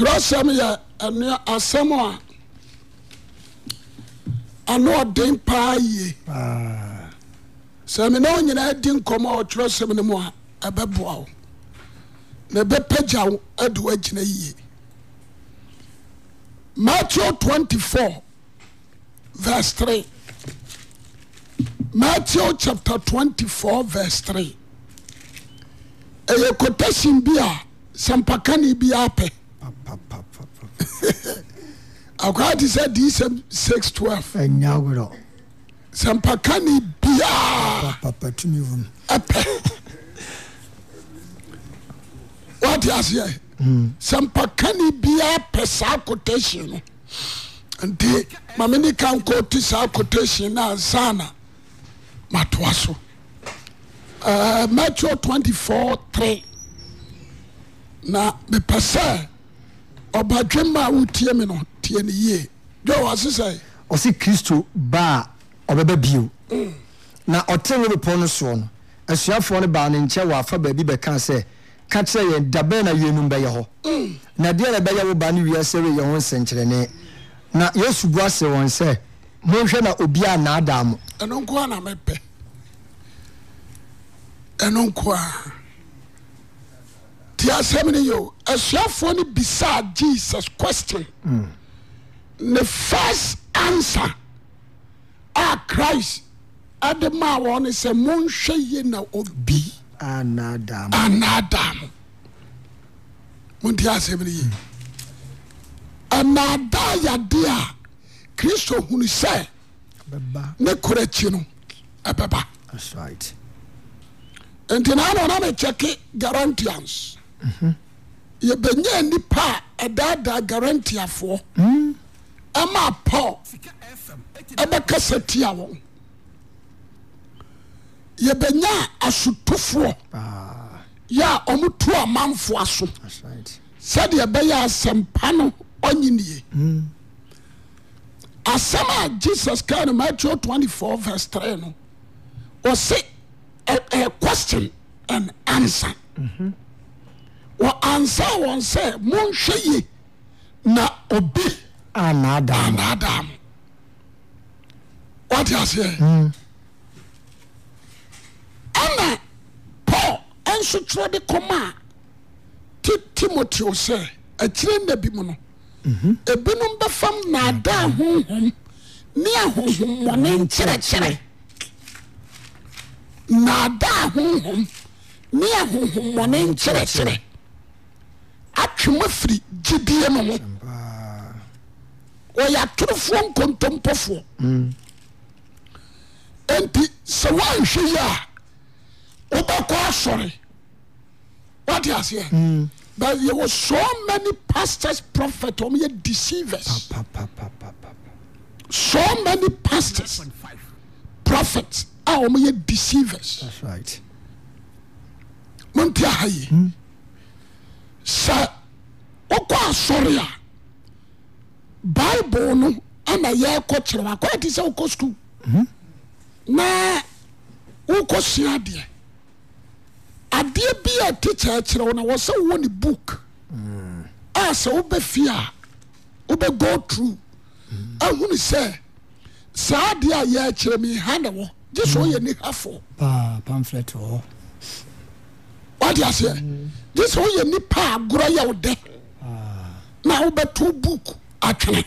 yerɛsɛm yɛ n asɛm a anoɔden paa yie ah. sɛ mene ɔ nyinaa di nkɔmɔ aɔkyerɛsɛm no mu a ɔbɛboawo ne bɛpɛgya wo adeɔagyina yie mate 24 v3 matteo chap 24 v3 ɛyɛktasim bi a sampakanebiaa pɛ akrate sɛ d sɛ 612 sɛmpa kane biaɛ wateaseɛ mm. sɛmpa kane biaa pɛ saa kɔta se no nti mameni kankɔ te saa kota se no ansa na matoa so mato 243 na mepɛ sɛ ɔbatwe ma a wotie me no tie ne yie wa wɔase sɛ ɔse kristo ba a ɔbɛba bio na ɔtere nwere bepɔ no soɔ no asuafoɔ no baa ne nkyɛ wɔ afa baabi bɛka sɛ ka kyerɛ yɛn dabɛn na wienum bɛyɛ hɔ na deɛ na ɛbɛyɛ wo baa ne wiase reyɛ ho na yesu bu ase wɔn sɛ monhwɛ na obi a na mo ɛno nko a na mɛpɛ ɛno a tiasɛm no yo asuafoɔ no bisaa jesus question ne first answer a ah, christ de maa wɔ ne sɛ monhwɛ ye na obi anaadaa mo monti asɛm no yi anadaa yadeɛ a kristo hunu sɛ ne korakyi no ɛbɛba nti naana ɔnamɛkyɛke guarantians yɛbɛnyaa nnipa a ɛdaadaa garantiafoɔ ma paw ɛbɛkɛsa tia wɔn yɛbɛnyaa asotofoɔ yɛa ɔmotuo amanfoa so sɛdeɛ ɛbɛyɛ asɛmpa no ɔyinie mm. asɛm a jesus ka no matho 24 vs 3 no ɔse question an answer mm-hmm. wɔ ansa a wɔn sɛ monhwɛ yi na obe anaadanaadaam woteaseɛ ana hmm. paul nsokyerɛ de kɔma a t timoteo sɛ akyirɛ nna bi mu no ɛbinom mhm. bɛfam naadaho hmm. naadahohom me ahohommmɔne hmm. nkyerɛkyerɛ atwema firi gyidie no ho wɔyɛ atorofoɔ nkontompɔfoɔ mm. nti sɛ woanhwɛ yi a wobɔkɔ asɔre woteaseɛ mm. butyɛwɔ soman pastr proetɛ deever somany pastors prophets a ɔmoyɛ deceivers mompi ahayi mm. sɛ wokɔ asɔre a bible no ama ya kyerɛ wakɔyɛ te sɛ wokɔ mhm. na wokɔ sua adeɛ adeɛ bi a tikya kyerɛ wo na wɔ sɛ wowɔ ne book mm. a sɛ wobɛ fie a go tru mm. ahunu sɛ saa adeɛ a yɛakyerɛ miha ne wɔ gye sɛ mm. woyɛ wade aseɛ gye sɛ nipa agorɔ yɛ wo dɛ na wobɛto book atwene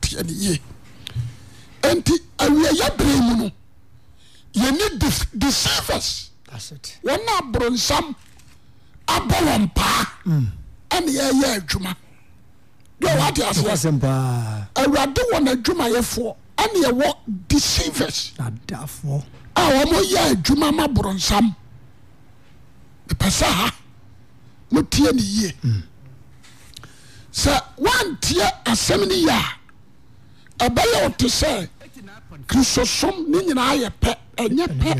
tiɛne ye enti awieyɛ bere mu no yɛni deceivers wɔn a boronsam abɔ wɔn paa ɛne yɛyɛ adwuma deɛ wade aseɛ awurade wɔ n'adwumayɛfoɔ ɛne yɛwɔ deceivers a wɔmɔyɛ adwuma ma boronsam pɛ sɛ ha no teɛ ne yie sɛ woanteɛ asɛm no yi a ɛbɛyɛwo te sɛ krisosom ne nyinaa ayɛ pɛ ɛnyɛ pɛ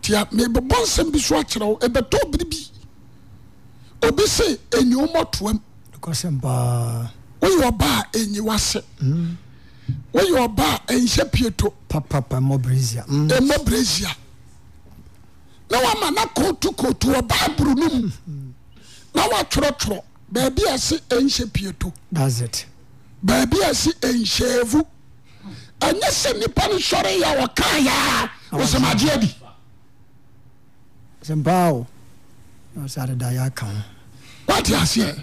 ntia mibɛbɔ nsɛm bi so akyerɛ wo ɔbɛtɔɔbirebi obi se ɛnyiwommɔtoa m woyɛ ɔbaa ɛnyiwase mm. woyɛ ɔbaa nhyɛ pieto mmɔ bresia mm. ne woama na kootu kotu ɔ bible no mu na watworotorɔ baabi ase nhyɛ pieto baabi ase nhyɛavu ɛnyɛ sɛ nnipa no hɔreyɛa wɔ ka yɛa wosmagye adiwotaseɛ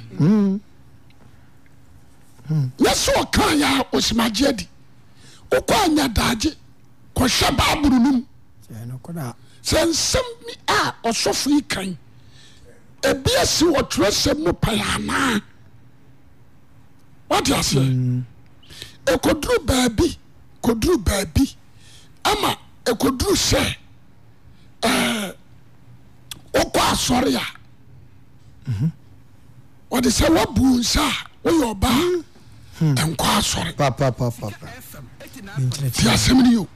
yɛ sɛ ɔka yɛa wosɛmagye adi wokɔanya dagye kɔhwɛ bible no mu sɛ nsɛm mi a ɔsɔfo yi kan ebi esi wɔ twerɛsɛm mu pɛyɛ anaa wate aseɛ mm. ekoduru baabi koduru baabi ama ekoduru sɛ ɛɛ okɔ asɔre a mm-hmm. wɔde sɛ wabu nsa a woyɛ ɔbaa mm-hmm. nkɔ asɔre paapaapaapa ti asɛm ni o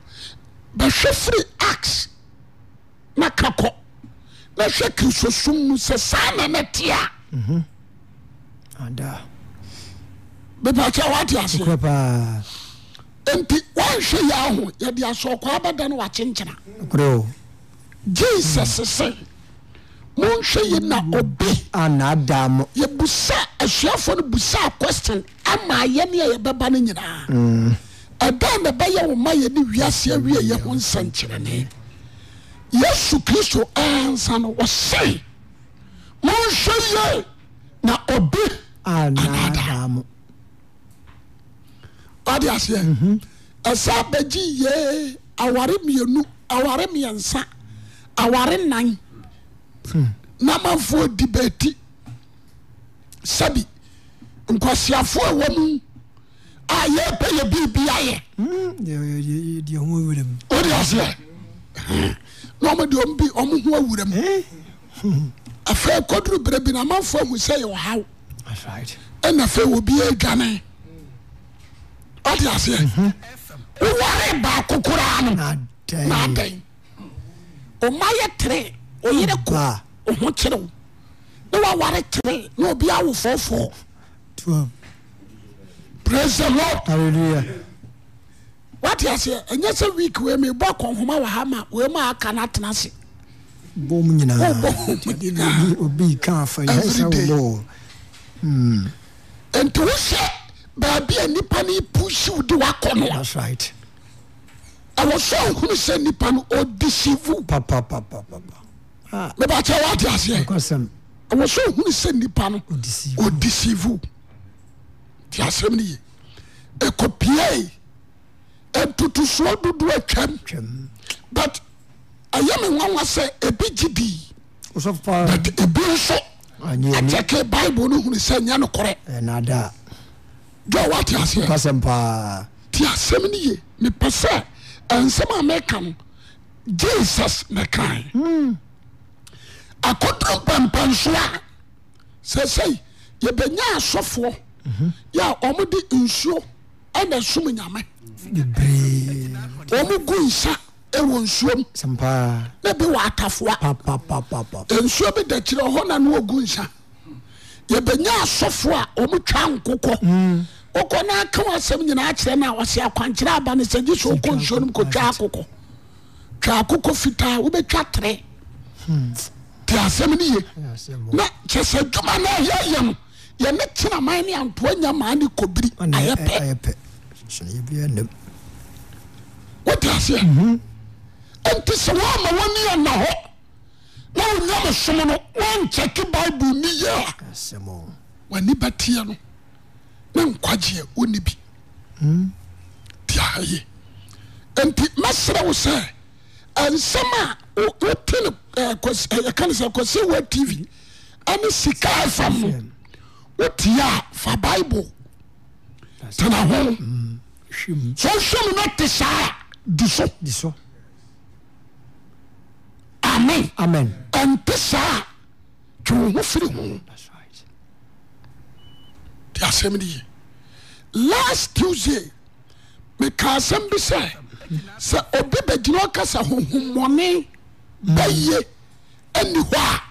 bɛhwɛ firi axe. kak na hwɛ k sosom n sɛ saa na no teaɛɛɛsniɛ ihde sdankekyera gesɛ sesɛ monhwɛ yina ɔyua asuafoɔ no busa a question amayɛneyɛɛbano nyinaa mm. anna bɛyɛ wo mayɛ ne ise wiyɛho nsankyerɛne yesu kristo ansa no ɔsei monhwɛ ye na ɔbe anada mo ade aseɛ ɛsɛ bɛgye yee aware mmienu aware mmiɛnsa aware nan na mafoɔ di baati sɛbi nkwaseafoɔ a wɔm a yɛpɛ yɛ biribi ayɛ wode aseɛ na ɔmo deɛ ɔmo bi ɔmo ho awura mu eh? afei kɔduru bere bi na amanfo ahu sɛ yɛ ɔhaw ɛna afei obi adwane ɔde aseɛ woware mhm. baako koraa no na adan ɔma yɛ tere ɔyere ko ɔho kyerew ne waware tere na obi awo fɔɔfɔɔ praise the lord hallelujah. wateaseɛ ɛnyɛ sɛ wek mkɔhoma wahma m akanotenase nti wohɛ baabi a nnipa no pusi w de woakɔ no wɔs u sɛ npno v ɛbɛkyɛ waeaseɛwsu sɛ p dsv tiasɛmny ɔkpia tutosoa dodoa twam but ɛyɛme wawa sɛ ɛbi gyi dii but ɛbi nsoayɛke bible no hunu sɛ nyɛ nokorɛa ja wateaseɛ ti asɛm no ye nepɛ sɛ nsɛm a meka no jesus ne kae hmm. akodro banpɛnso a sɛi sɛi yɛbɛnya asɔfoɔ mhm. yɛ ɔmode nsuo ɛna som nyame ɔmu gu nsa wɔ nsuom na biwɔ atafoa nsuo m dakyiri hɔ na no ɔgu na yɛbɛnya asɔfoɔ a ɔm twa nkokɔ hmm. knkasɛm yinaakyerɛ noa ɔse akwankyerɛbane sɛe sɛokɔnsuonwa kokɔ twa akokɔ fitaa wobɛtwa terɛ hmm. te asɛm no yen kyɛsɛ dwuma no ɔyɛyɛ no yɛne tenama ne antoa nyamaa ne kɔbiri ayɛ ɛ wode aseɛ mhm. nti sɛ woama woniana hɔ na owame som no wonkyɛke bible ni ye a wani bɛteɛ no ne nkwagyeɛ wonni bi diayi mhm. nti mɛsrɛ wo sɛ nsɛm a woɛka sɛ kɔse wa tv ane sika asam no woteɛ a fa bible tanaho mhm. sɛnsomu no te saa di sos amen ɛnte saaa twe wo ho firi ho de asemdey last tuesday meka asɛm bi sɛ sɛ obi bagyina ɔkasa hohu mmɔne bɛye anihɔ a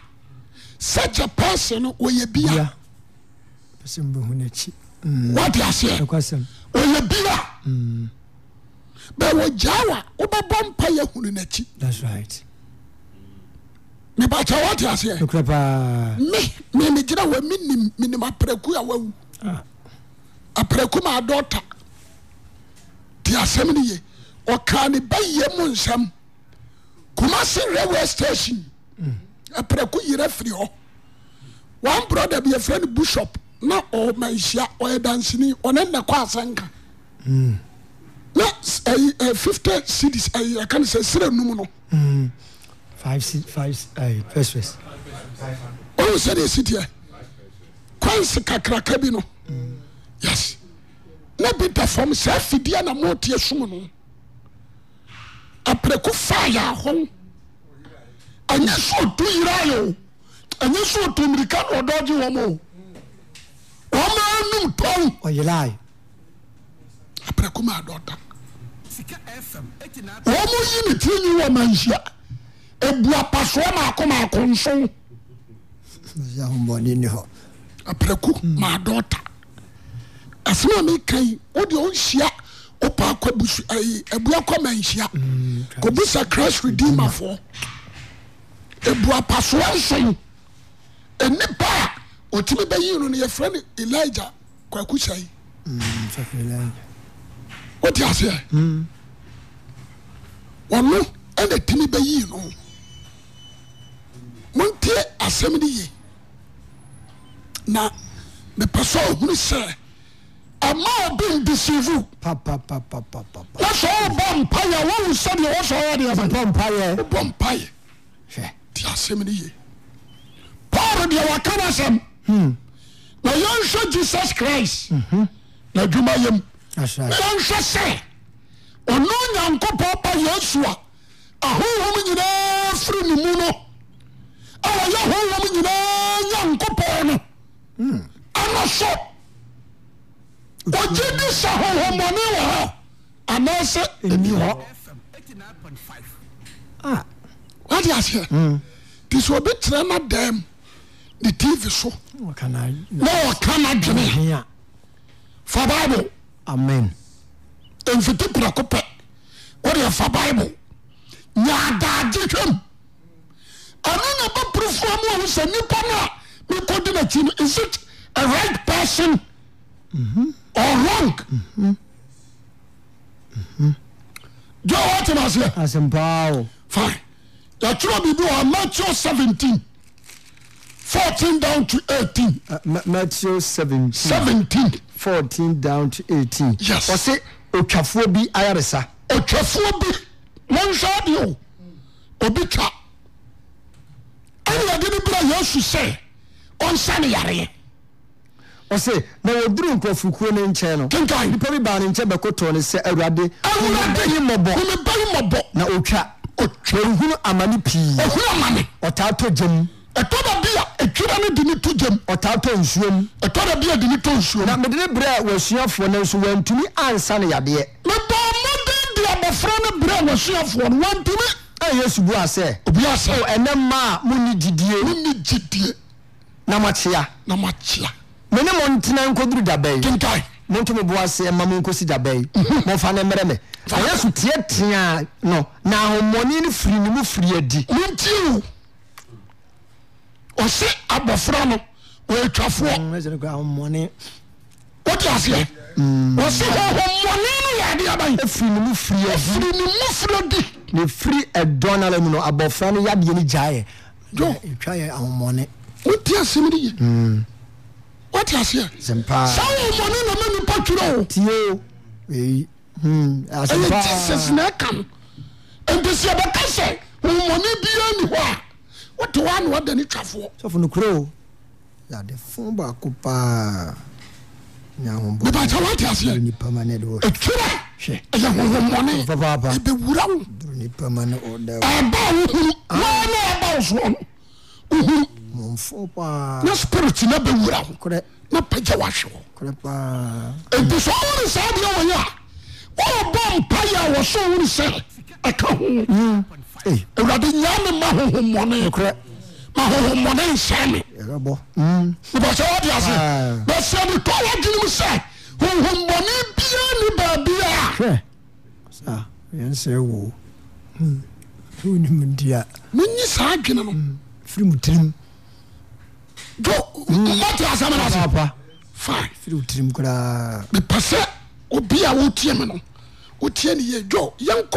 sacha perso no ɔyɛ biawade mm. aseɛ yɛ bia buwo gyawa wobɛbɔ mpa yɛ hunu nakyi mebakya hoaseɛeeegyerɛ ni apraku awawu ah. apraku ma adɔta ti asɛm ne ye ɔkaa ne ba ye mu nsɛm koma se reway station mm. apraku yerɛ firi ɔ o broder biafrɛ no bushop na ɔmanhia ɔɛ danseni ɔne nɛkɔ asɛnka na 5if0y eh, cities ɛyɛyaka ne sɛ serɛ num no ɔne sɛdeɛ cityɛ kwan se kakraka bi no mm. yes na bita fom sɛ fidiana mɛɔtiasom no aprɛku fa yɛahɔ ɛnyɛ soɔto yeraɛo ɛɛ sɛ ɔto mmirika na ɔdɔɔye wɔm o ɔmanum to aprɛko ma adɔ da wɔn mo yi ne tiri nwi wɔ ma nhyia ebu apasoɔ maako maako nso aprɛko ma adɔ ta asem a meka yi wo deɛ wonhyia wopa akɔ busu ayi ebua kɔ ma nhyia kò busa christ redeemer foɔ ebu apasoɔ nson enipa a otumi bɛyi no no yɛfrɛ no elijah kwakusa yi. Mm, wote aseɛ ɔno ɛna Well, no montie asɛm ne ye na mepɛ sɛ ɔhunu sɛ ama obi ndisivu wɔsɔ ɔbɔ mpayɛ wɔwu sɛdeɛ wɔsɔ ɔyɛ deɛ mpayɛ ti asɛm ye paul deɛ waka hmm. na jesus christ hmm. na adwuma ne wɔnhwɛ sɛ ɔne oh, nyankopɔ ba ya su a ahonhom nyinaa firo ne mu no awɔyɛ hoohom nyinaa nyankopɔ no ana hmm. so ɔgye de sa hohommɔne wɔ hɔ anaasɛ adi hɔ ade aseɛ de sɛ ɔbɛtrɛma dam ne tv so ne ɔka no dwenea fa bible mfitiprɛkopɛ wodefa bible nyaadaageham anena bapirifua mu awo sa nimpa no a mɛkɔdena kyi no set a right person mhm. mhm. Mhm. o ronk jowɔtmseɛ yɛtyerɛ bidu a mattew 7 f down to 17 fourteen down to eighteen. yes ɔsɛ otwafoɔ bi ayaresa. otwafoɔ bi wọn nsa adi o obi twa ɛni ɛdi ni bira yesu sɛ ɔnsa ni yareɛ. ɔsɛ na wɔduru nkurɔfokuo no nkyɛn no kenkan nipa bi baa ne nkyɛn bɛkotɔɔ ne sɛ awurade awurade yi mɔbɔ womeba yi mɔbɔ na otwa otwa ehunu amane pii ehunu amane ɔtaa tɔ gyam ɛtɔ bɛ bi a etwira ne de ne to gyam. ɔtaa tɔ nsuo mu. ɛtɔ dɛ bia de ne tɔ nsuo na mede ne brɛ wɔsuafoɔ no nso wɔntumi ansa ne yadeɛ. mebɔ mmɔden de abɔfra ne brɛ wɔsuafoɔ no wɔntumi. a yesu bu asɛ. obi asɛ. ɛnɛ mmaa mu ni gyidie. mu gyidie. na mo na mo akyea. mene mo ntena nkoduru daba yi. montomi bo ase ma mo nkosi daba yi mhm. momfa ne mmerɛ me na yesu teatea no na ahommɔne no firi ne mu firi adi montie o ɔse abɔfra no ɔyɛ twafoɔ wote mm, aseɛ ɔse hohommɔne no yɛ adeɛ aban ɛfiri di ne firi no no abɔfra no no gyaeɛ wote asɛm no wote aseɛ na ma nipa ɛyɛ no sɛ sɛ ni hɔ a wote hɔ na wada ne twafoɔ sɛfo nokorɛ o yɛade fo baako paa mebakyɛ woate aseɛ ɛtwerɛ ɛyɛ honhommɔne ɛbɛwura wo ɛba wohunu waa na ɛba wo soɔ no wohunu na spirit na bɛwura wo na pagya wahwe hɔ ɛnti sɛ wowone saa deɛ wɔyɛ a wɔbɔ mpa yɛ a wɔsɔ wone sɛ wrade yame ma hohone ma hohomone nsemessebsɛmeko ah. wa dwenem se hoho mmɔne bia ne babiasɛ meye saa dwene nofrimtrim t asa mepasɛ obia wotie me no otineye o yenk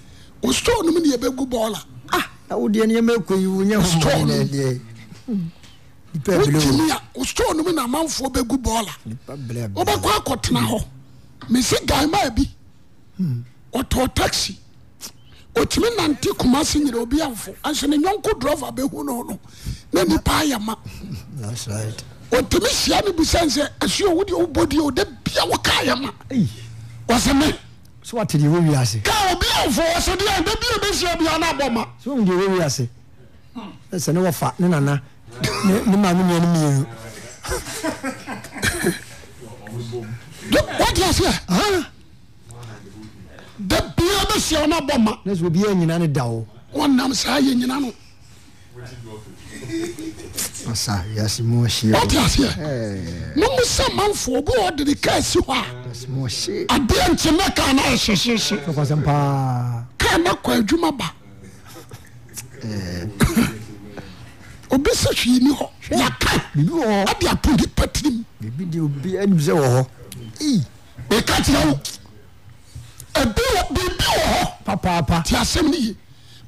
o store no mu deɛ bɛgu bɔɔla. ah o deɛ iwu ekɔ yi o nye ho wɔn deɛ. nipa bile wo wotumi a o store no mu na bɔɔla. nipa hɔ mesi gaima bi hmm. taxi nante kuma nyere obi anso nyɔnko drɔva no no nipa ma. that's right. bɔ o de yɛ ma. so wate deɛ wɔwi ase ka obi amfo wɔ so deɛ da bia bɛhyia bia no abɔ ma so wom deɛ wɔwi ase sɛ ne wɔfa ne nana ne ma no mmiɛ no mmienu wode aseɛ da bia bɛhyia wo no abɔ ma na sɛ obiaa nyina ne da wo wɔnam saa yɛ nyina no ɔsa yasi mu ɔhyɛ o ɔte aseɛ mumu sɛ manfo obi wɔ de ne kaa si hɔ a yasi mu ɔhyɛ adeɛ nkyɛn na kaa na ɛhyɛ hyɛ hyɛ fɔkɔsɛm paa kaa na kɔ adwuma ba eh. obi sɛ hwii ni hɔ yaka bibi wɔ hɔ adi ato nipa tirim bibi di obi anim sɛ wɔ hɔ ɛka kyerɛ wo ebi wɔ bibi wɔ hɔ papaapa ti asɛm ni yie.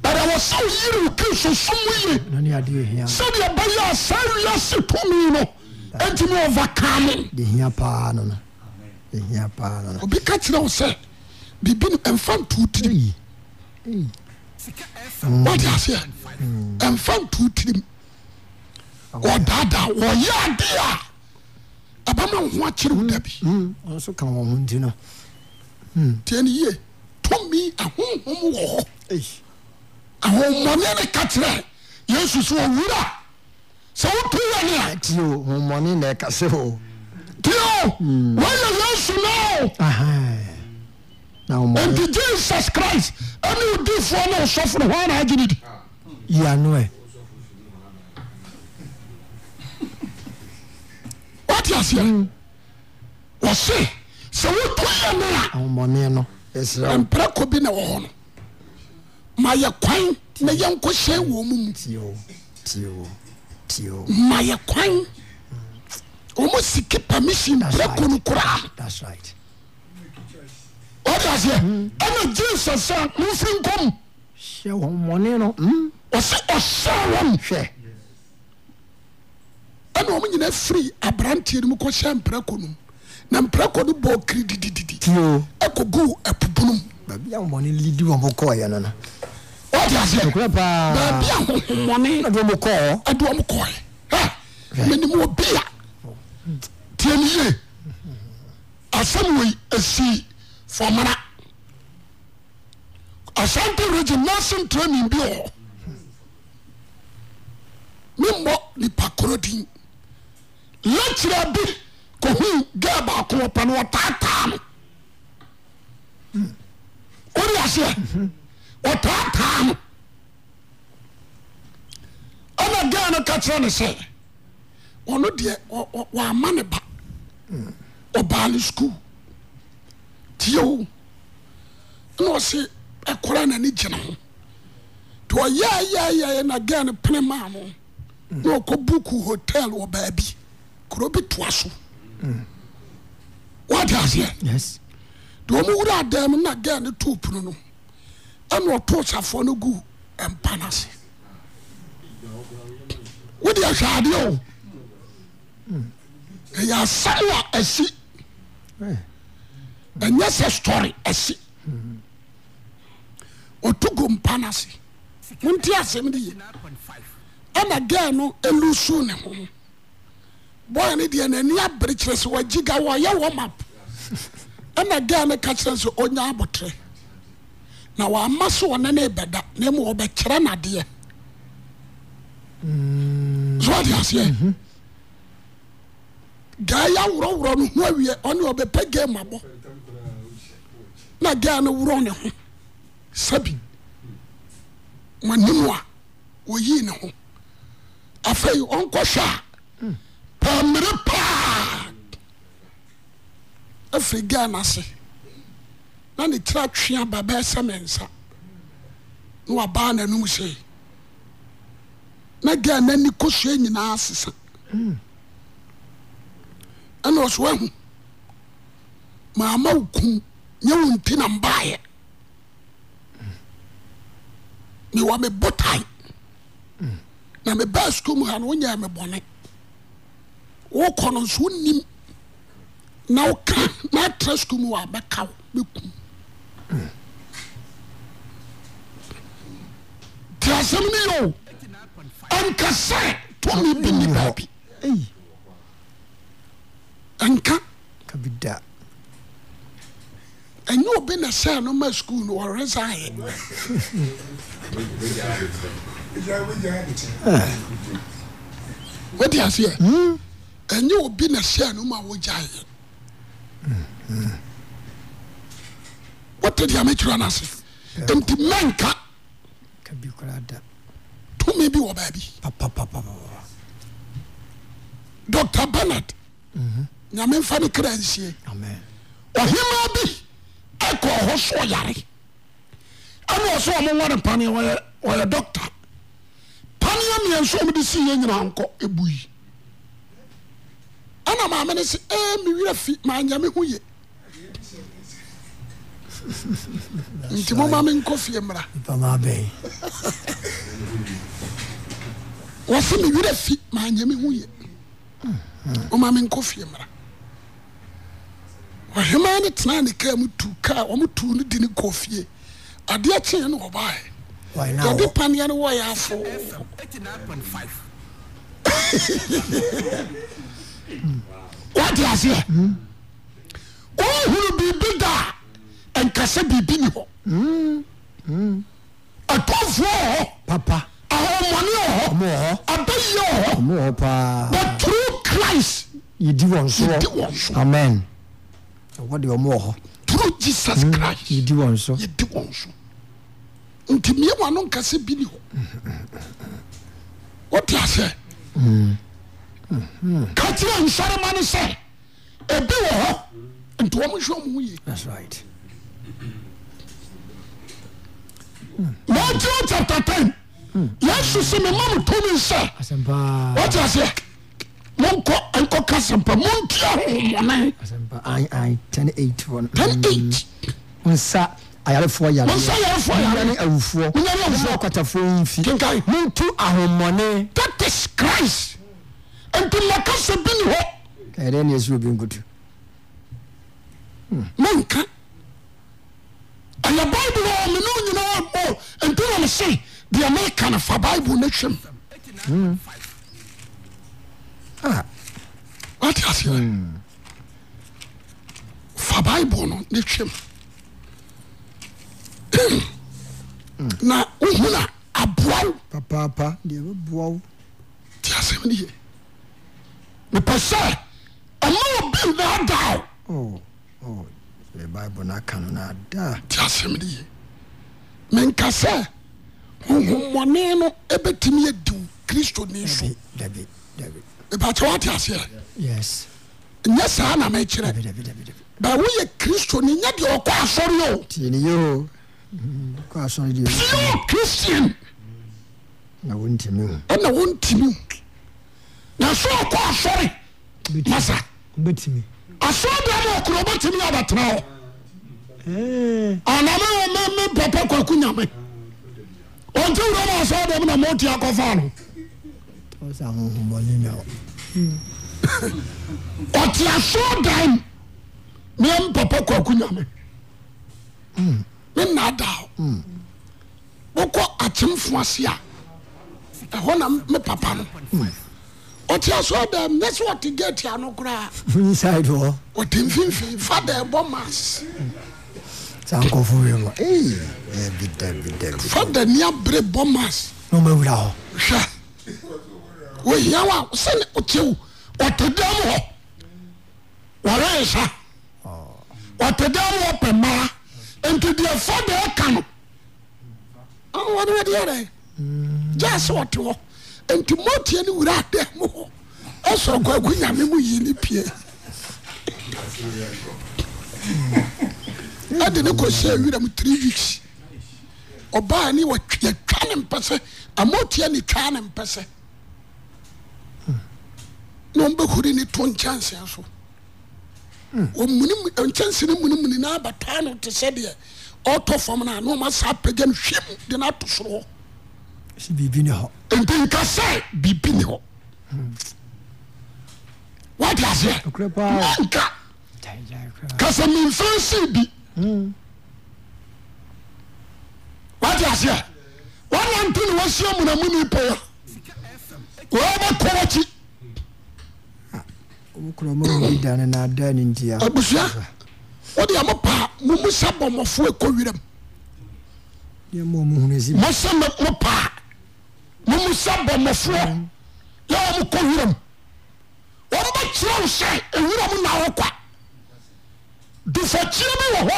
bt awɔsɛoyerewo krioso mu ye sɛdeɛ bɛ yɛ a saa wiase tomi no ɛntimi ɔva kamo obɛ ka kyerɛ o sɛ biribino ɛmfa ntoo tiri mm. wteaseɛ mm. ɛmfa ntoo tirim ɔdaadaa ɔyɛ ade a abama woho akyerɛwo mm. da bi ntiɛneyie tomi ahomhom wɔ hɔ ahommɔne no ka terɛ yɛsu so ɔwura sɛ wotu yɛnea n woyɛ yɛ su nonti jesus christ anedifoɔ no sɔfo no hɔ anagene di aseɛ ɔse sɛ wotu yɛnoamɛin ma yɛ kwan na yɛn ko hyɛn wɔ mu mu ma yɛ kwan wɔn siki permission bɛ kunu koraa ɔda seɛ ɛna jesus a nfin kɔm hyɛ wɔn mɔni no ɔsi ɔhyɛ wɔn hwɛ ɛna wɔn nyinaa firi aberanteɛ no mu kɔ hyɛ no na mpirako no bɔ kiri dididi ɛkɔ gu ɛpopono mu. baabi a aihhmn admk menemobia tianiye asame we asii fomena asante wregi nason tranin bi memo nipakurodin le kira bi kohu ga bakoopanoatatamo odeasɛ wɔtaataa no ɛna ga no ka kyerɛ no sɛ ɔno deɛ wɔama ne ba ɔbaa no skuul tio na ɔse ɛkora n'ani gyina ho nti ɔyɛyɛyɛɛ na ga no pene maa no na ɔkɔ buku hotel wɔ baabi kuro bi toa so wate aseɛ nti ɔmowura ada m na ga no too punu no ɛne ɔtosafoɔ no gu mpano ase wode ahwɛ adeɛ o ɛyɛ asam a asi hmm. ɛnyɛ sɛ store asi ɔto gu mpa no ase wonte asɛmde yi ɛna ga no luso ne ho boane deɛ naani aberekyerɛ sɛ wgyiga wo yɛwɔmap ɛna ga no ka kyerɛ sɛ ɔnya abtrɛ na wama so wɔne ne bɛda na mu wɔbɛkyerɛ nadeɛ mm. so wade aseɛ mm-hmm. gaa yɛ aworɔworɔ no ho awie ɔne ɔbɛpɛ ga mu abɔ na ga no worɔ ne ho sabi wanim a wɔyii ne ho afei ɔnkɔhwɛ a mm. pammere paa afiri ga no ase na ne tira twe aba bɛɛsɛ me nsa na wabaa n'anom sɛ na gaa n'ani kosua nyinaa sesa ɛna ɔso ahu maama wo kum nyɛ wo nti na mbaayɛ mewɔ me botae na mebaa sukuu mu ha no wonyɛɛ me bɔne wokɔ no nso wonim na woka na atra sukuu mu wɔ bɛka wo bɛkum ti asɛm no yɛo ɛnka sɛ tumi bi ni baabi ɛnka ɛnyɛ obi na sɛ no ma skul no ɔresae wode aseɛ ɛnyɛ obi na sɛ no ma wogyaeɛ watdamekirnse nti menka tome bi wobaabi docr bernard mm-hmm. nyame fa ne kra nsie ohe mbi ɛkɔ ɔhɔ soyare ɛnesɛ omo wane paneɛ yɛ doctar paneɛ mmiɛsoomede seyɛ nyirankɔ buyi ana maamene se mewere fi maayame ho ye nti moma me nko fie mra wo se mewirɛ fi maayɛme huye oma menkɔ fie mmra ɔhema ne tena neka mut ka motu no dine kɔfie adeɛ kyie ne ɔba ɔde panea no wɔyɛ aseɛd nkasa biribi ni hɔ hmm. hmm. atomfoɔ wɔ hɔ papa ahomane wɔ hɔ abayɛ wɔ hɔ but through Christ yɛdi wɔn so amen ɛwɔ deɛ ɔmo wɔ hɔ through Jesus hmm. Christ yɛdi wɔn so yɛdi wɔn so nti mmiɛnwa no nkasa bi ni hɔ wote asɛ ka a nsɔrema no sɛ ebi wɔ hɔ nti wɔn nhwɛ ɔmo yie. matio apten maso se memame tomises kasmpmon hat cris ntimakase bin h aya bible mene oyinap mpinime se biamekane fa bible ne temu fa bible no ne tem hmm. na ohuna abuao aaa ba tiasmdiye mepɛ se ɔma obi naadao oh, oh, menka sɛ hhommɔne no bɛtumi adiw kristone sopɛkɛotaseɛ yɛ saa namekyerɛ bu woyɛ kristone yɛ deɛ ɔkɔ asɔrekristianna wo ntimi h naso mhm, ɔkɔ asɔre asuudame okuro obo timiya baterao anamemepapa koaku yame onte wuroma asuwuda mnamo tiakofano oti asuudam me mpapa koaku yame menadao moko atem foasia eho na me papa no ɔtiasodem e sɛ wte gatanmfffaaasfada nabre bɔmas whhw aw ɔte damh wareha tedamhɔ pɛ ma ntideɛ fada kano mwaw gyasɛ tehɔ nmotua no wura adɛmhɔ ɔsɔkoago nyame muyin bie ɛde ne kɔsɛ wiam 3 s ɔbaa neyɛtwa ne mpɛsɛ amatuane twa ne mpɛ sɛ na ɔm bɛhurini to nkyɛnseɛ so nkyɛnse ne mune muninaa bataa no te sɛ deɛ ɔtɔ fam no a ne ɔmasaa pɛgane hwm de no ato soroɔ nti nkasɛ birbine hɔ waate aseɛmanka kasɛ memfra si bi hmm. waate aseɛ wana ntene wasia munamunipoa waabɛ koakiabusua wodea mo paa momu sa bɔmɔfo kɔ wirm mosɛn mo paa momu mm. sɛ bɔmmɔfoɔ yɛ wɔ mokɔ weram wɔmbɛkyerɛ wo sɛ ɛwura mu na wo kwa dufɔkyerɛ bi wɔ hɔ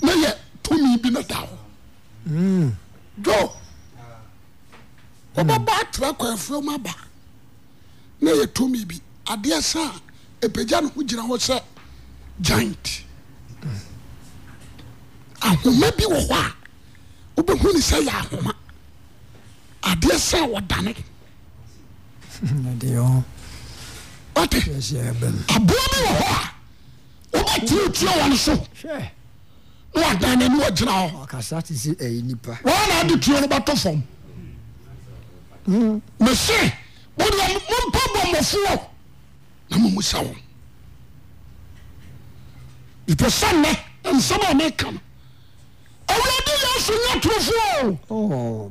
a na yɛ tumi bi no da hɔ mm. jo wɔbɛbɔ atera kwaafrɛ mu aba na yɛ tumi bi adeɛ sɛ a ne ho gyina hɔ sɛ giant mm. ahoma bi wɔ hɔ a wobɛhu ne sɛ yɛ ahoma ade hmm. se wodane aboane ho obete otuo waneso ne wadane ne wodirao arnado tune boto fom mese mobobomo fuo namomusa won ipo sanna ansamo me kan owera deyaaso ya toro foo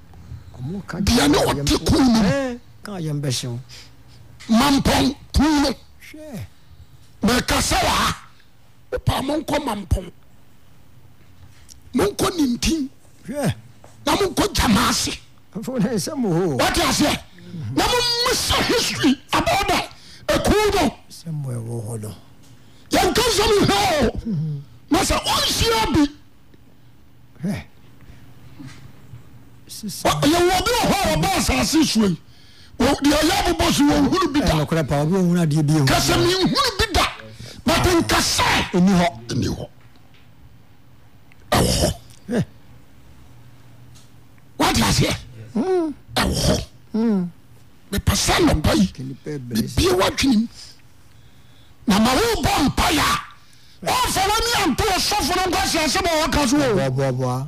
bia ne wote ku noyɛɛ mapɔn ku noɛ bekasɛ waa wopaa monkɔ mampɔn monkɔ nintin na monkɔ jamaase wateaseɛ na momosɛ histry aboda akuu mo yɛnka sɛm hɛo masɛ mhm. onsua abi Ah, wɔbi wɔhɔ wɔbɔ asase suai eɛ ɔyɛ bobɔso wohuru bidakasɛ menhuru bi da but nkasɛ ni hmih ɛwho eh. watiaseɛ hmm. ɛwho hmm. mɛpasa nɔpayi mebie waadwinim na ma wobɔ mpayaa asa wo ni antoosofono nkasiasɛ ba wɔka so wo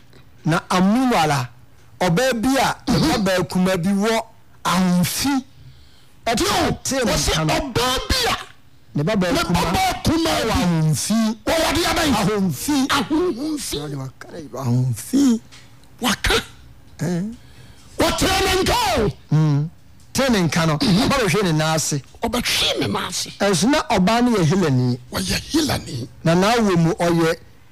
na amuwala ɔbaa bi a ɛna mm-hmm. baakuma bi wɔ ahomfi ɛte o wɔsi ɔbaa bi a ne ba baakuma wɔ ahomfi wɔwɔde aba yi ahomfi ahomfi ahomfi waka wɔtɛn ne nka o hmm. tẹni nka no mm-hmm. ọba bɛ hwɛ ne nan ase. ɔbɛ hwɛ ne nan ase. ɛnso na ɔbaa no yɛ hilani. ɔyɛ hilani. na n'awo mu ɔyɛ.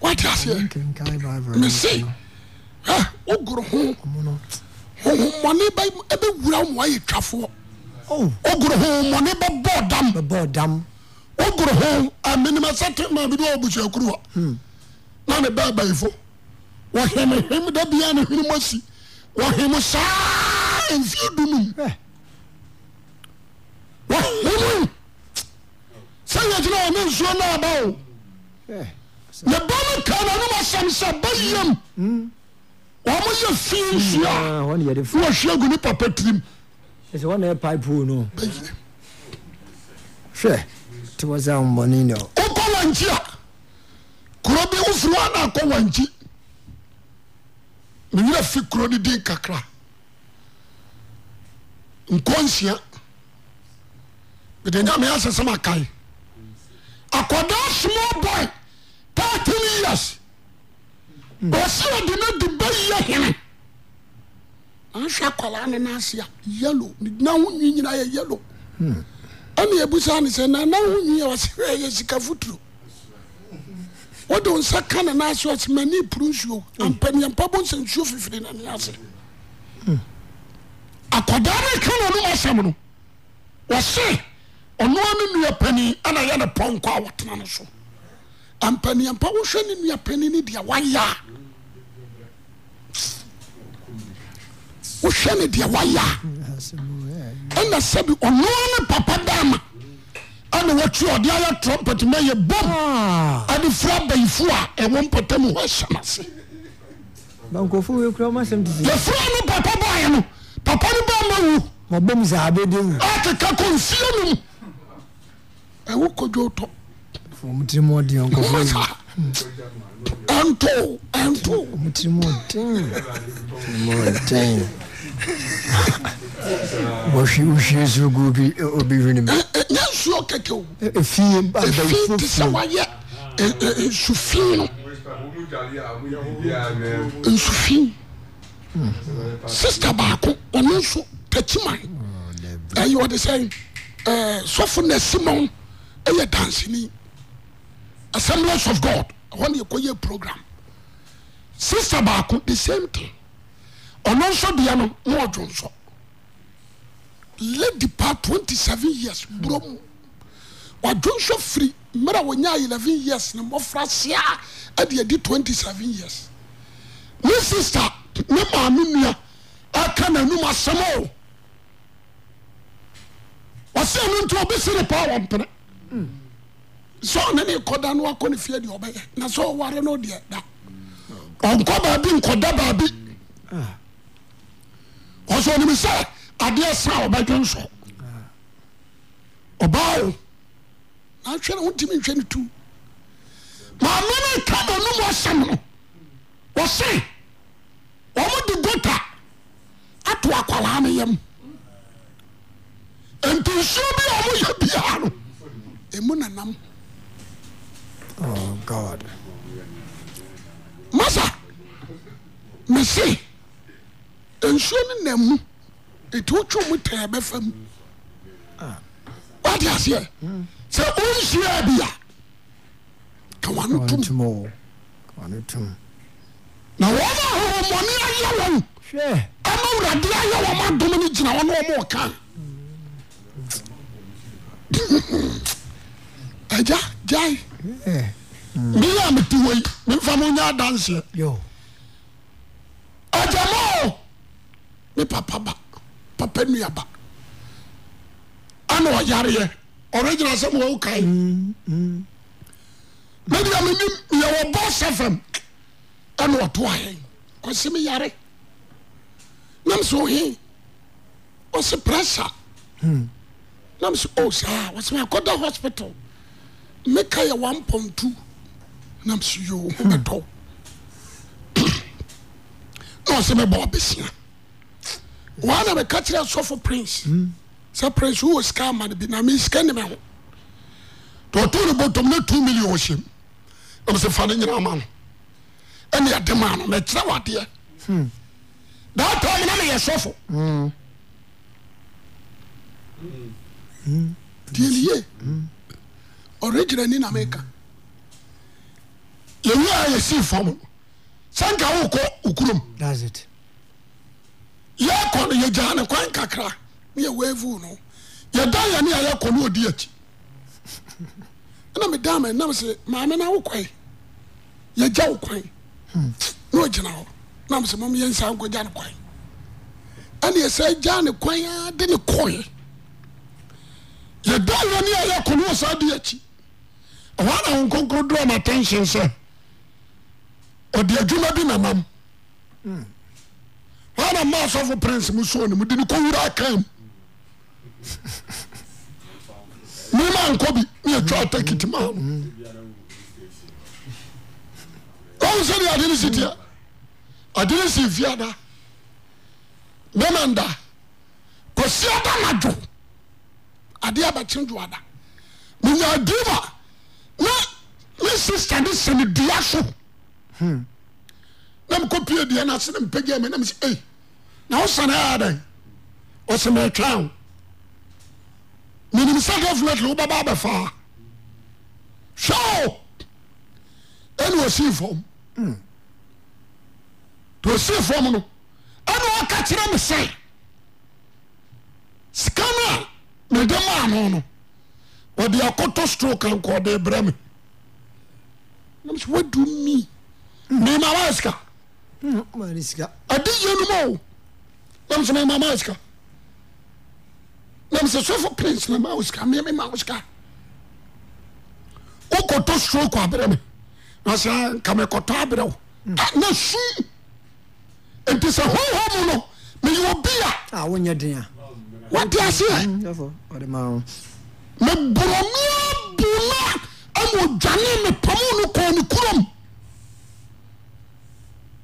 wate aseɛ mese wogoro ho honhommɔne bɛwura wo ma wayɛ twafoɔ wogoro honhommɔne bɛbɔɔ dam wogoro ho amenima sɛ te ma bi de wɔ busuakuru hɔ na ne bɛɛ bayifo wɔhwɛ ne hem da bia ne hwene mu asi wɔhe mo saa mfie du nom wɔhemu sɛ yɛgyina wɔ ne nsuo no aba o nebame kananomasam se bayam wa mose fie nsienewa sea gunu papa tirimoko wanti a kuro be wo seri waana ko wanki meyere fi kuro ne den kakra nko nsia mede name se sem akai ako da som atenyias ɔsɛɔdena de ba yia hene ahwɛ kannaianɛnɛskaforoeaaaana ri dame kana nu ɔsɛm no ɔsɛ ɔnoa no nuapani anayɛne pɔnkɔawɔteanoso ampaneampa wohwɛ no nuapɛni no deɛ woyaa wohwɛ no deɛ woyaa ɛna sɛbi ɔno ah. no papa da ama ana watwe ɔde aya trumpetmayɛ bom adefura abaifo a ɛwɔ mpɛtamu hɔ ahyɛmaseyɛfura no papa baaɛ no papa no ba ama wu akeka komsianom ɛwo kodwootɔ ọmọtìmọ ọdín ọkọọfọ yìí. ẹnpọ ẹnpọ. ọmọtìmọ ọdín ọmọ ọdín wɔhwe wohwie soro gu obi obi hwene mu nyɛ nsuo kɛkɛ o ɛfie ɛfie te sɛ wayɛ nsufii no nsufii sista baako ɔno nso takiman ɛyɛ ɔde sɛ sɔfo na simon ɛyɛ danseni aseance of god neyɛkɔyɛ programe syster baako the same ti ɔno nsɔ deɛ no ma ɔdwonsɔ le di pa 27 years burom wadwo nso firi mmerɛ wonya 11 years no mmɔfra seɛa ade adi 27 years ne siste me maa mo nnua aka nonom asɛm o wase no nti ɔbɛsi re paa wɔ mpere sɛ ɔne ne kɔda no wakɔ ne fie deɛ ɔbɛyɛ na sɛ ɔware no deɛ da ɔnkɔ baabi nkɔda baabi ɔsɛ ɔnim sɛ adeɛ sa a ɔbɛdwe nso ɔbaa o nahwɛ no wontimi nhwɛ no tu maame no ka da nom ɔsɛm no wɔse ɔmode gota ato akwalaa no yam nti nsuo bi a ɔmoyɛ biara no ɛmu nanam oh god masa mese nsuo no nam mu ɛti wotwe mu tɛɛ bɛfa mu wade aseɛ sɛ wonsuaa bi a ka wano tom na wɔma ahoromɔne ayɛ wɔn ama wurade ayɛ wɔ ma adom no gyina wɔne ɔma ɔka mm. agya gyae meya mm. metewei mefamo onya adanseɛ ajama me papa ba papa niaba aneayaree oregina sɛ mewao kae mm, mm. media menim iyɛwo bo sɛ fem aneatoa he kose meyare nameso ohe ose prasa nameso osaa wasmakode hospital meka yɛ 1 poin 2 namseyo h hmm. bɛt ne sɛ bɛbɔwabesia wane mɛka kyirɛ sofo prince hmm. sɛ prince howo ska mane bi namesika neme ho t ɔtone botom ne 2 million sem nms fane yiramano ɛneademan mekyerɛ wadeɛ tha hmm. time ne meyɛ sofo deie oreginal ni nameka yewia yɛse fam sankawooko okrom yɛkyanekwa kakra mewvn yɛdayaneyakondiaki nmedana aene wo k yɛgya o kwaginansɛ hmm. gyane kwaaene koe yɛdaaneayakonsa diaki ɔha nna honkonkro doama atension sɛ ɔde adwuma bi namam ha na ma sɔfo prinse musoanemudeni kowura akam mema nkɔbi miɛtwaatakitimaano ou sede adene sitia adene sifida memanda kosiada najo ade abake joada ya adima na mesesta de seno dia so hmm. na mekopie dia no se ne mepagya menemesee na wosane ɛyaden ɔsemɛtwa ho menim sagefonete wobababɛ faa swɛo ɛne wase fom tosi fom no ɛne waaka kyerɛ mese sika noa mede maano no odeakoto stroke nkde bre me wado mi memamaska adiyenumo nsmemmaska nmese sofo prinsemskka wokoto stroko abreme kamekoto abreonasu nti sɛ hmm. ah, hohomu no meyo obia wantiase me borɔmia buna ama odwane ne pamu no kɔɔ ne kurom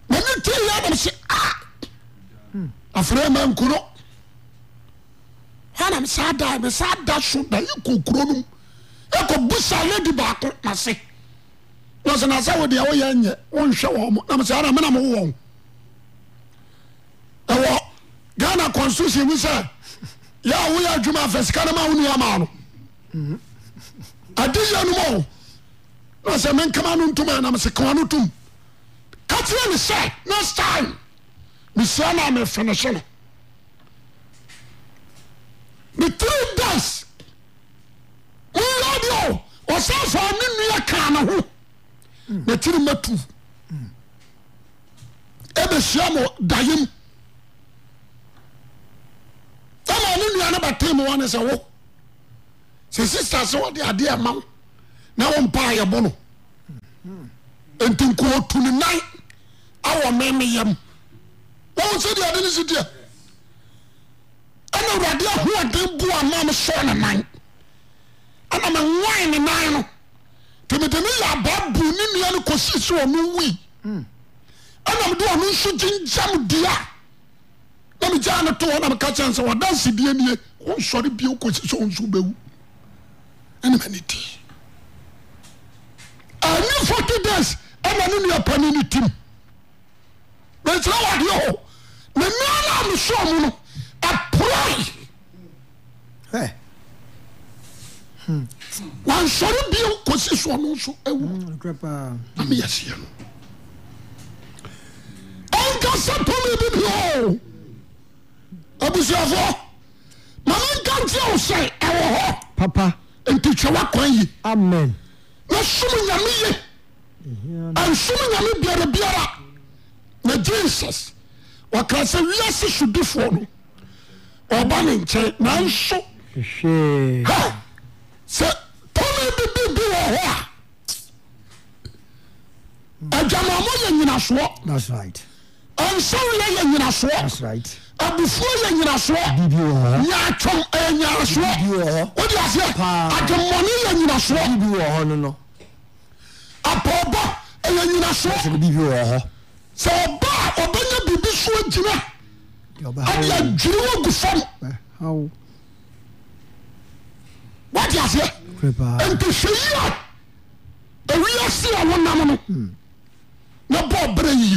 nane tie yɛ adam ah! sɛ a afrɛ ma nkuro hanam saa da me saa da so da yɛkɔ kuro nom yɛkɔ e busa lady baako nase nọsọ na asawo deɛ ɔyɛ nyɛ ɔnhwɛ wɔn mo na mo sɛ ɛna mena ɛwɔ Ghana constitution mu sɛ yɛ woyɛ adwuma afɛ sika ma wo nua no. ade yɛ nom o na sɛ menkama no ntom anam sɛ kawa no tom ka kyerɛ ne sɛ next time mesua no a mefenehye no ne three days moyɛ deɛ o ɔsan fa ne nnua kaa ne ho hmm. na tiri matu ɛbɛhyia hmm. e mo dayem ama ne nnua no bɛtee wa ne sɛ wo sɛ sista sɛ wɔde adeɛ ɛma wo na wɔmpaa yɛbo no enti nko ɔtu ne nan awɔ memeyam wɔwo sɛ deɛ ade no si deɛ ɛna awurade ahoɔden bu a ma mesɔɔ ne nan ɛna mewae ne nan no nti mede ne yɛ abaa bu ne nua no kɔsii sɛ ɔno wui ɛna mede ɔno nso gyengyam dua na megyaa ne to hɔ meka kyɛn sɛ wɔdansedie nie wonsɔre bio kɔsi sɛ ɔnso bɛwu nnane fotines ɛma no nuapaneno tim meterɛ wadeɛ h mamiala meso mu no apra wansɔre bim kosi so no so awmeyasɛ ɔnkasɛ pome bibih abusɛfo mamonkantewo sɛ awɔ hɔ papa nti twɛ waakwan yi nesom nyame ye ansom nyame biara biara na jesus wɔkra sɛ wiase so difoɔ no ɔba ne nkyɛn nanso sɛ pone dibibi wɔ hɔ a adwamamɔ yɛ nyinasoɔ ɔnsownɛ yɛ nyinasoɔ abofuo yɛ nyina soɔ nyatwo ny so wode aseɛ agye mmɔne yɛ nyinasoɔwɔ hɔ no no apa ɔba ɛyɛ nyinasowhɔ sɛ ɔba ɔbɛnya bibi so gyina anya dwiri wo agu sam wadeaseɛmpɛswe yia awie seawo nam no hmm. na ba bera yi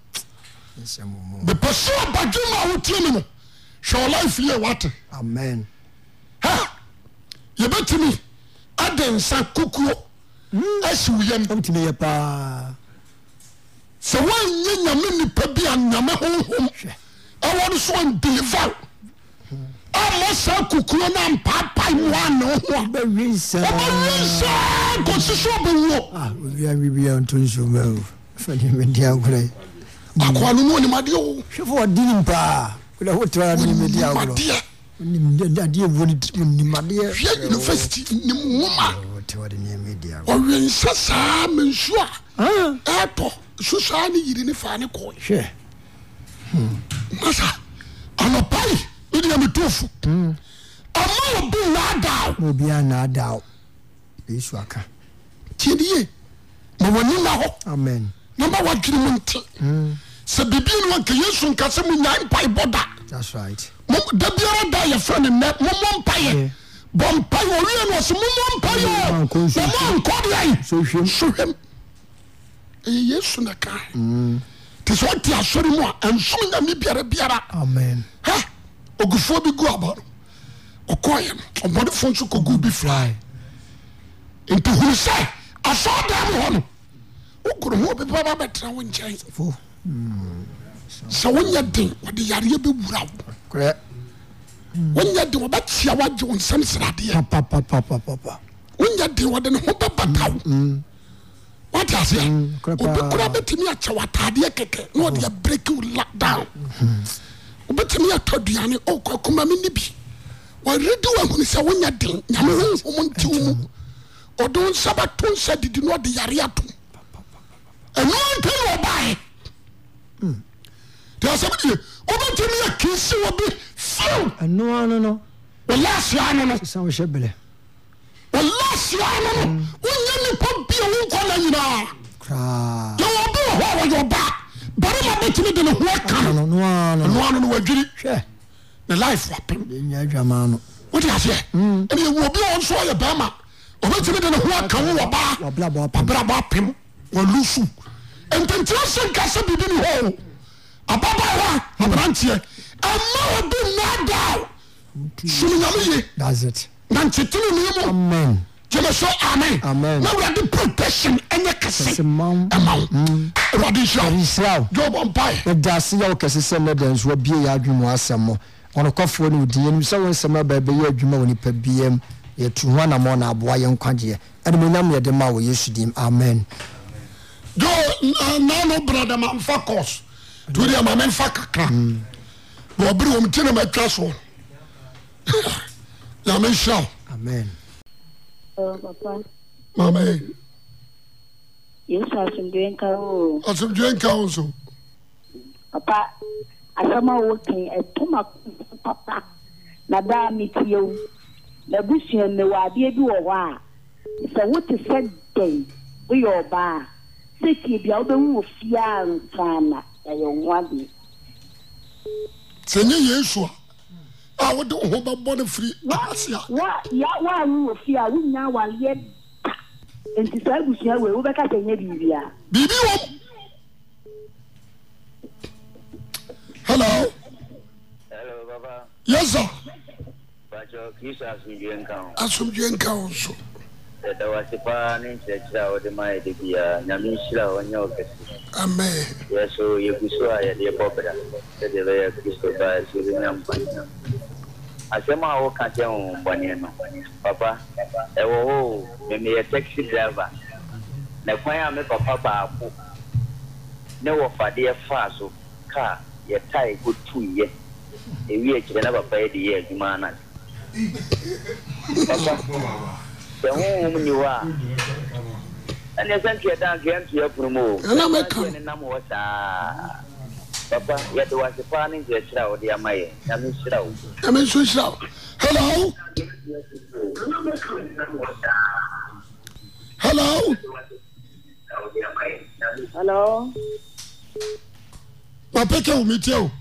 mepɛ sɛbadwoma awotie ne mu hwɛ olife ye woate yebɛtumi adensan kukuro ase wyam sɛ waye nyame nipa bi a nyame honhom ɛwonesoandelivar amasaa kokuro no ampaapai moa anehoaobɛwensa kose sɛ obowo kannnadeo de n unesity noma ɔwensa saa mensua ato so saa ne yiri ne fane koe hmm. asa anbai mediametuofo ama hmm. obi nadaombi nadao suaka tieniye mawa nima hɔ amen naba wadweri mo nte hmm. sɛ bibi noka yesu nkase mm. mu a pabodaa radafe mnks ra sɛ woyɛ den ɔde yare bɛwurao oyɛ dnɛkiawe nsɛ srdɛɛd ho ɛi kyɛɛ nsi wobi anoa no n lasano ɛ bee an oya bio ona yinayɛ mm. ba bama bɛkine deno hokay baa in den hokaoa aa bbn ɛma obi nna da sum nyame ye na nkyetene ne mu gyeme so amen na wurade protection ɛnyɛ kɛse ɛma wo awurade nhyira jobɔ mpae ɛda se yɛ wo kɛse sɛ nɛ dɛn so abie yɛ mu asɛm mɔ ɔnokɔfoɔ no wodi yɛnim sɛ wo nsɛm aba bɛyɛ adwuma wɔ nipa biam yɛtu ho anamɔ na aboa yɛ nkwagyeɛ ɛne monyam yɛde ma wɔ yesu dim amen jo nano brada mamfa cos tudeɛ ma memfa kakra wɔbere wɔm ti na matwa soɔ nyame nhyira wo mama yi eh. yesu asomdwe nka wo asomdwe nka wo so papa asɛm a wowɔ kan ɛtoma papa na daa metie wo na busua mewɔ adeɛ bi wɔ hɔ a sɛ wote sɛ dɛn woyɛ ɔbaa sɛ tie bia wobɛhu wɔ fie a mfaa na ɛyɛ wo ho sɛ ɛnyɛ yesu a a wode wo ho bɛbɔ no firi ase awowo fie a wonya awareɛ da nti saa abusua wei wobɛka sɛ ɛnyɛ biribia biribi wɔ hello hello baba yes sir asomdwe nka wo so dawasepa ne nkyerɛkyerɛ a wɔde ma yɛ de bia nyame nhyira a ɔnyɛ ɔkɛse amen yɛ so yɛgu so a yɛde bɔ bra sɛdeɛ bɛyɛ kristo ba yɛ so bɛnya mpanya asɛm a woka kyɛ wo bɔne no papa ɛwɔ hɔ o memeyɛ taxi driver na kwan a me papa baako ne wɔfadeɛ faa so kaa yɛtae kɔtuiɛ ɛwie kyerɛ na papa yɛde yɛ adwuma anade papa sɛ honhom ni hɔ a ɛneɛ sɛ ntuɛ da nkeɛ ntuɛ kunu mu o ne nam hɔ saa papa yɛde wase paa ne nkyerɛkyerɛ a wode ama yɛ nyame nhyira wo nyame nso nhyira wo hello hello hello wapɛkɛ wo metie o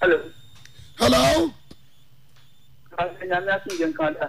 hello hello nyame asomdwe nka da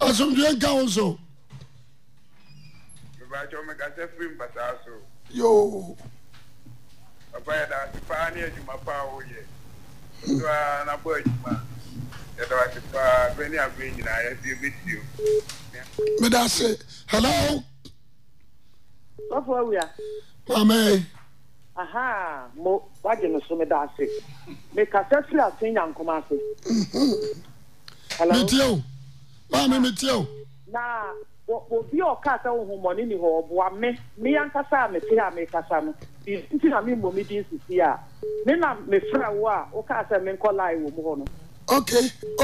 asomdwe nka wo so yoo papa yɛ daase paa ne adwuma paa woyɛ so a nabɔ adwuma yɛ daase paa bɛ ne abɛ nyinaa yɛdeɛ bɛtio meda se hello sɔfo awia maame aha mo wagye no so meda ase mekasa firi ase nyankoma ase mhm. hello metie o maame metie o. na obi ọka asa ohumọni ni hɔ ɔbua me me ya nkasa a mete a mekasa no nti na me mmomi di nsisi a me na mefra wo a ɔka asa me nkɔ lai wɔ mu hɔ no. ok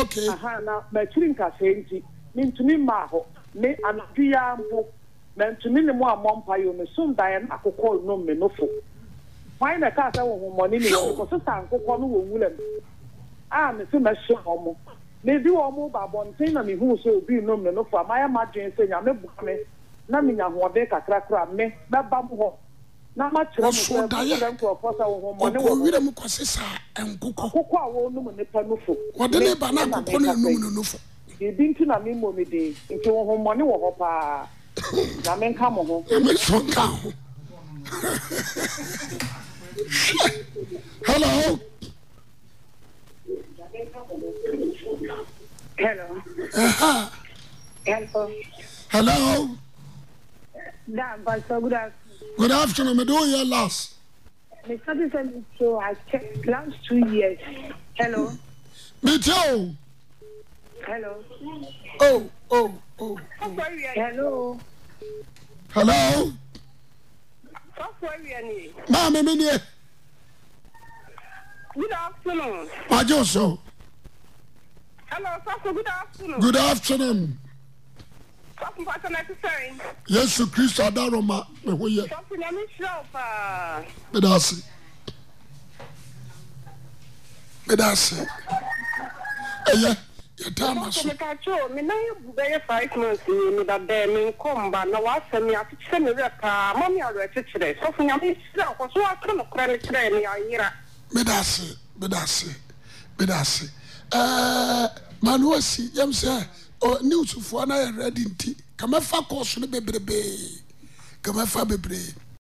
ok. aha na m'akyiri nkasa nti me ntumi mmaa hɔ me anadu ya mbụ na ntumi ne mu amọ mpa yi o me sum dan ya n'akụkọ nnọọ mme n'ofu nwaanyị na-eka asa wụ hụmọ n'ime ya ọkọ sịsa nkụkọ n'ụwa nwụlọ m a me sị ma ehyia ọmụ. medi wɔ mo ba abɔnten na mehu sɛ obi nom ne no fa mayɛ madwen sɛ nyame boa me na menya hoɔden kakrakra me bɛba m hɔ na makyerɛ msɛ nkurɔfoɔ sɛ wohomɔne wɔwerɛ mu kɔse saa nkokɔ kokɔ a wɔnom nnipa no wɔde ne ba akokɔ no no biribi nti na memmɔ me din nti wohommɔne wɔ hɔ paa na menka mo ho meso nka ho hello Hello. Uh-huh. Hello. Hello. That pastor, good afternoon. Good afternoon. Me do here last. Me started sending so I checked last two years. Hello. Me too. Hello. Oh, oh, oh. oh. Hello. Hello. are Maame mi ni ye. Good afternoon. Majo so. Hello, Pastor. Good afternoon. Good afternoon. Pastor, Pastor, necessary. Yes, Christ Adaroma. Pastor, let me show up. Medasi. Medasi. Eye. yɛtaama so meka kyɛo mena yɛbu bɛyɛ five months yi meda bɛɛ menkɔ mba na waasɛm yɛ akyekyerɛ me werɛ paa ma me awerɛkyekyerɛ sɔfo nyame hyira kɔ so waka nokorɛ no kyerɛ me ayera meda ase meda ase meda ase ɛɛ manuwa si yam sɛ ɔ niwusufoɔ n'ayɛ rɛdi nti kàmɛfa kɔɔso no bebrebee kàmɛfa bebree.